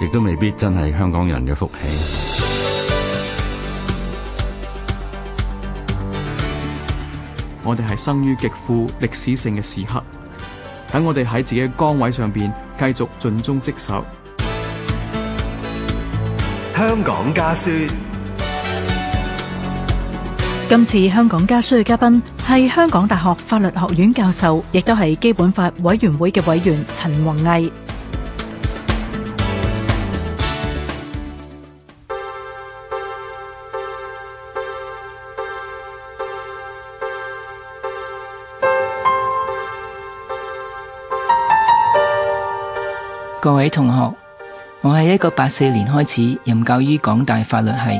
亦都未必真係香港人嘅福氣。我哋係生於極富歷史性嘅時刻，等我哋喺自己嘅崗位上邊繼續盡忠職守。香港家書。 今次香港家書嘅嘉賓係香港大學法律學院教授，亦都係基本法委員會嘅委員陳弘毅。各位同學，我喺一九八四年開始任教於港大法律系，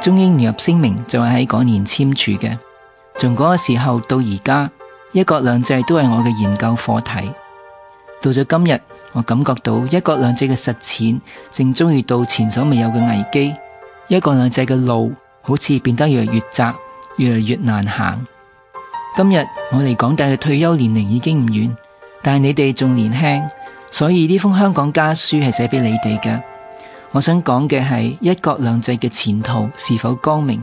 中英聯合聲明就係喺嗰年簽署嘅。從嗰個時候到而家，一國兩制都係我嘅研究課題。到咗今日，我感覺到一國兩制嘅實踐正遭遇到前所未有嘅危機，一國兩制嘅路好似變得越嚟越窄，越嚟越難行。今日我離港大嘅退休年齡已經唔遠，但係你哋仲年輕。所以呢封香港家書係寫俾你哋嘅，我想講嘅係一國兩制嘅前途是否光明。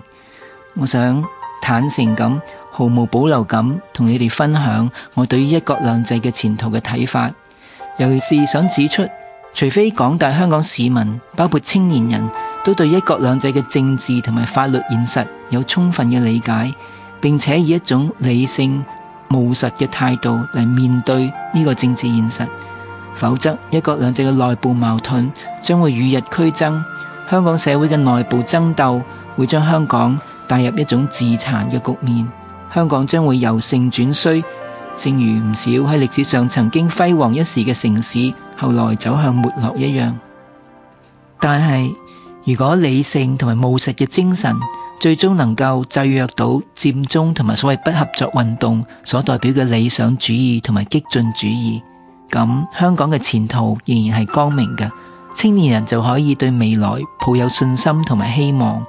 我想坦誠咁，毫無保留咁同你哋分享我對於一國兩制嘅前途嘅睇法，尤其是想指出，除非廣大香港市民，包括青年人，都對一國兩制嘅政治同埋法律現實有充分嘅理解，並且以一種理性務實嘅態度嚟面對呢個政治現實。否則，一國兩制嘅內部矛盾將會與日俱增，香港社會嘅內部爭鬥會將香港帶入一種自殘嘅局面，香港將會由盛轉衰，正如唔少喺歷史上曾經輝煌一時嘅城市後來走向沒落一樣。但係，如果理性同埋務實嘅精神最終能夠制約到佔中同埋所謂不合作運動所代表嘅理想主義同埋激進主義。咁香港嘅前途仍然係光明嘅，青年人就可以對未來抱有信心同埋希望。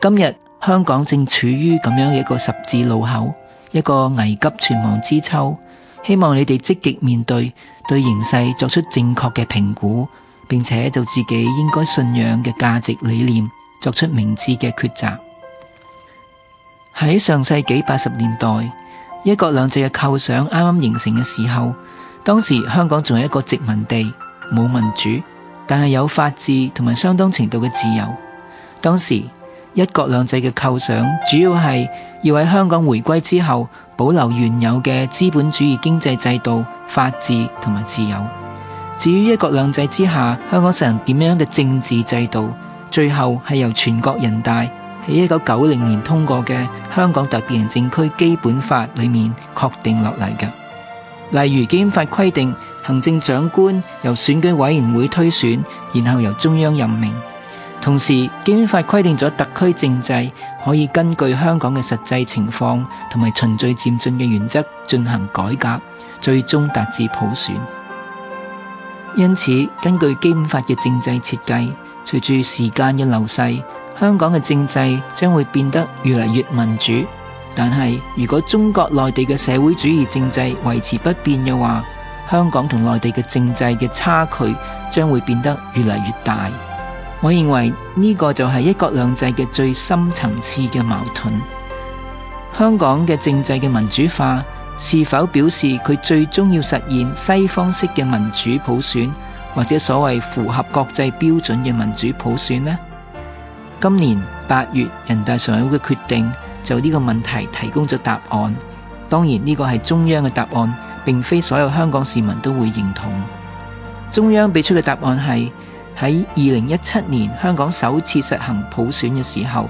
今日香港正處於咁樣嘅一個十字路口，一個危急存亡之秋。希望你哋積極面對，對形勢作出正確嘅評估，並且就自己應該信仰嘅價值理念作出明智嘅抉擇。喺上世紀八十年代，一國兩制嘅構想啱啱形成嘅時候。當時香港仲係一個殖民地，冇民主，但係有法治同埋相當程度嘅自由。當時一國兩制嘅構想，主要係要喺香港回歸之後，保留原有嘅資本主義經濟制度、法治同埋自由。至於一國兩制之下，香港實行點樣嘅政治制度，最後係由全國人大喺一九九零年通過嘅《香港特別行政區基本法》裏面確定落嚟㗎。例如，基本法規定行政長官由選舉委員會推選，然後由中央任命。同時，基本法規定咗特區政制可以根據香港嘅實際情況同埋循序漸進嘅原則進行改革，最終達至普選。因此，根據基本法嘅政制設計，隨住時間嘅流逝，香港嘅政制將會變得越嚟越民主。但係，如果中國內地嘅社會主義政制維持不變嘅話，香港同內地嘅政制嘅差距將會變得越嚟越大。我認為呢個就係一國兩制嘅最深層次嘅矛盾。香港嘅政制嘅民主化，是否表示佢最終要實現西方式嘅民主普選，或者所謂符合國際標準嘅民主普選呢？今年八月，人大常委會嘅決定就呢個問題提供咗答案，當然呢個係中央嘅答案，並非所有香港市民都會認同。中央俾出嘅答案係喺二零一七年香港首次實行普選嘅時候，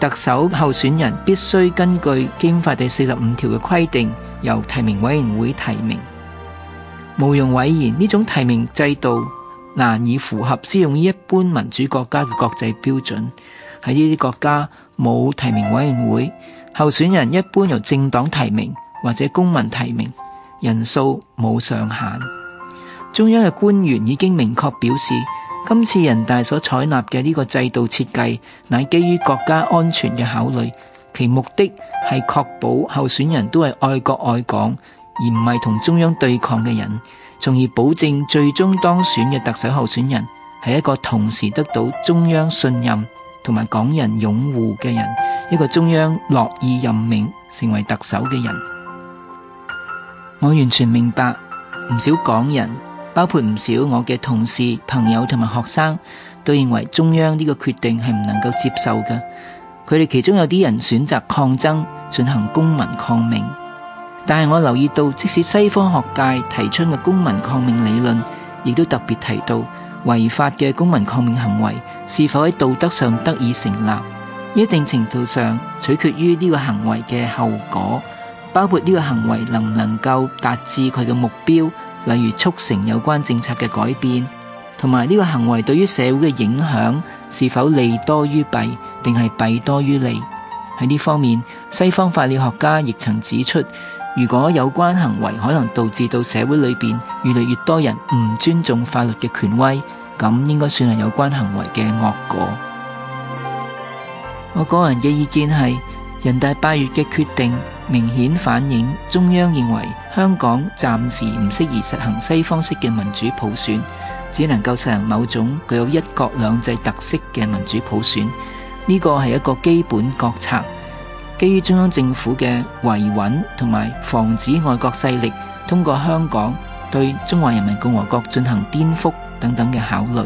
特首候選人必須根據《基本法》第四十五條嘅規定，由提名委員會提名。毋庸諱言，呢種提名制度，難以符合適用於一般民主國家嘅國際標準。喺呢啲國家。冇提名委員會，候選人一般由政黨提名或者公民提名，人數冇上限。中央嘅官員已經明確表示，今次人大所採納嘅呢個制度設計，乃基於國家安全嘅考慮，其目的係確保候選人都係愛國愛港，而唔係同中央對抗嘅人，從而保證最終當選嘅特首候選人係一個同時得到中央信任，同埋港人擁護嘅人，一個中央樂意任命成為特首嘅人，我完全明白唔少港人，包括唔少我嘅同事、朋友同埋學生，都認為中央呢個決定係唔能夠接受嘅。佢哋其中有啲人選擇抗爭，進行公民抗命。但係我留意到，即使西方學界提出嘅公民抗命理論，亦都特別提到。違法嘅公民抗命行為是否喺道德上得以成立，一定程度上，取決於呢個行為嘅後果，包括呢個行為能唔能夠達至佢嘅目標，例如促成有關政策嘅改變，同埋呢個行為對於社會嘅影響是否利多於弊，定係弊多於利。喺呢方面，西方法理學家亦曾指出。如果有關行為可能導致到社會裏邊越嚟越多人唔尊重法律嘅權威，咁應該算係有關行為嘅惡果。我個人嘅意見係，人大八月嘅決定明顯反映中央認為香港暫時唔適宜實行西方式嘅民主普選，只能夠實行某種具有一國兩制特色嘅民主普選，呢個係一個基本國策。基於中央政府嘅維穩同埋防止外國勢力通過香港對中華人民共和國進行顛覆等等嘅考慮，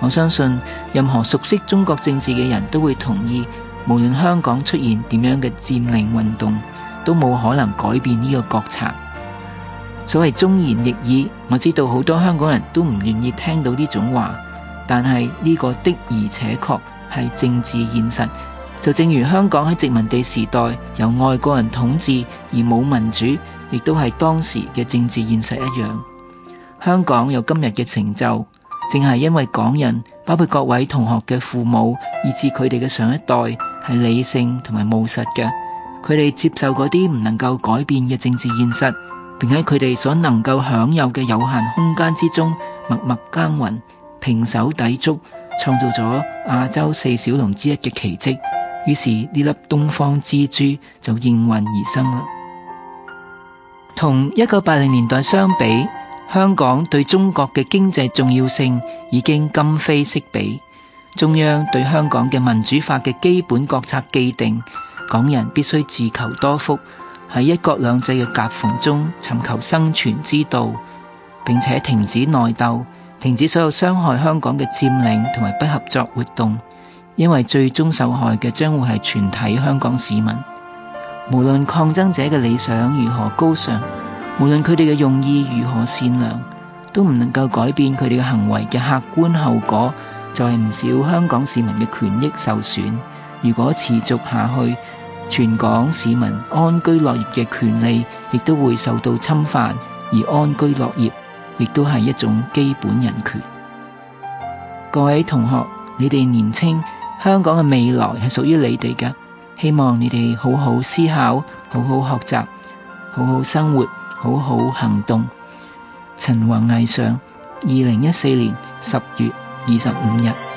我相信任何熟悉中國政治嘅人都會同意，無論香港出現點樣嘅佔領運動，都冇可能改變呢個國策。所謂忠言逆耳，我知道好多香港人都唔願意聽到呢種話，但係呢個的而且確係政治現實。就正如香港喺殖民地時代由外國人統治而冇民主，亦都係當時嘅政治現實一樣。香港有今日嘅成就，正係因為港人，包括各位同學嘅父母，以至佢哋嘅上一代係理性同埋務實嘅。佢哋接受嗰啲唔能夠改變嘅政治現實，並喺佢哋所能夠享有嘅有限空間之中，默默耕耘、胼手胝足，創造咗亞洲四小龍之一嘅奇蹟。於是呢粒東方之珠就應運而生啦。同一九八零年代相比，香港對中國嘅經濟重要性已經今非昔比。中央對香港嘅民主化嘅基本國策既定，港人必須自求多福，喺一國兩制嘅夾縫中尋求生存之道，並且停止內鬥，停止所有傷害香港嘅佔領同埋不合作活動。因為最終受害嘅將會係全體香港市民，無論抗爭者嘅理想如何高尚，無論佢哋嘅用意如何善良，都唔能夠改變佢哋嘅行為嘅客觀後果，就係唔少香港市民嘅權益受損。如果持續下去，全港市民安居樂業嘅權利亦都會受到侵犯，而安居樂業亦都係一種基本人權。各位同學，你哋年輕。香港嘅未來係屬於你哋嘅，希望你哋好好思考，好好學習，好好生活，好好行動。陳弘毅上，二零一四年十月二十五日。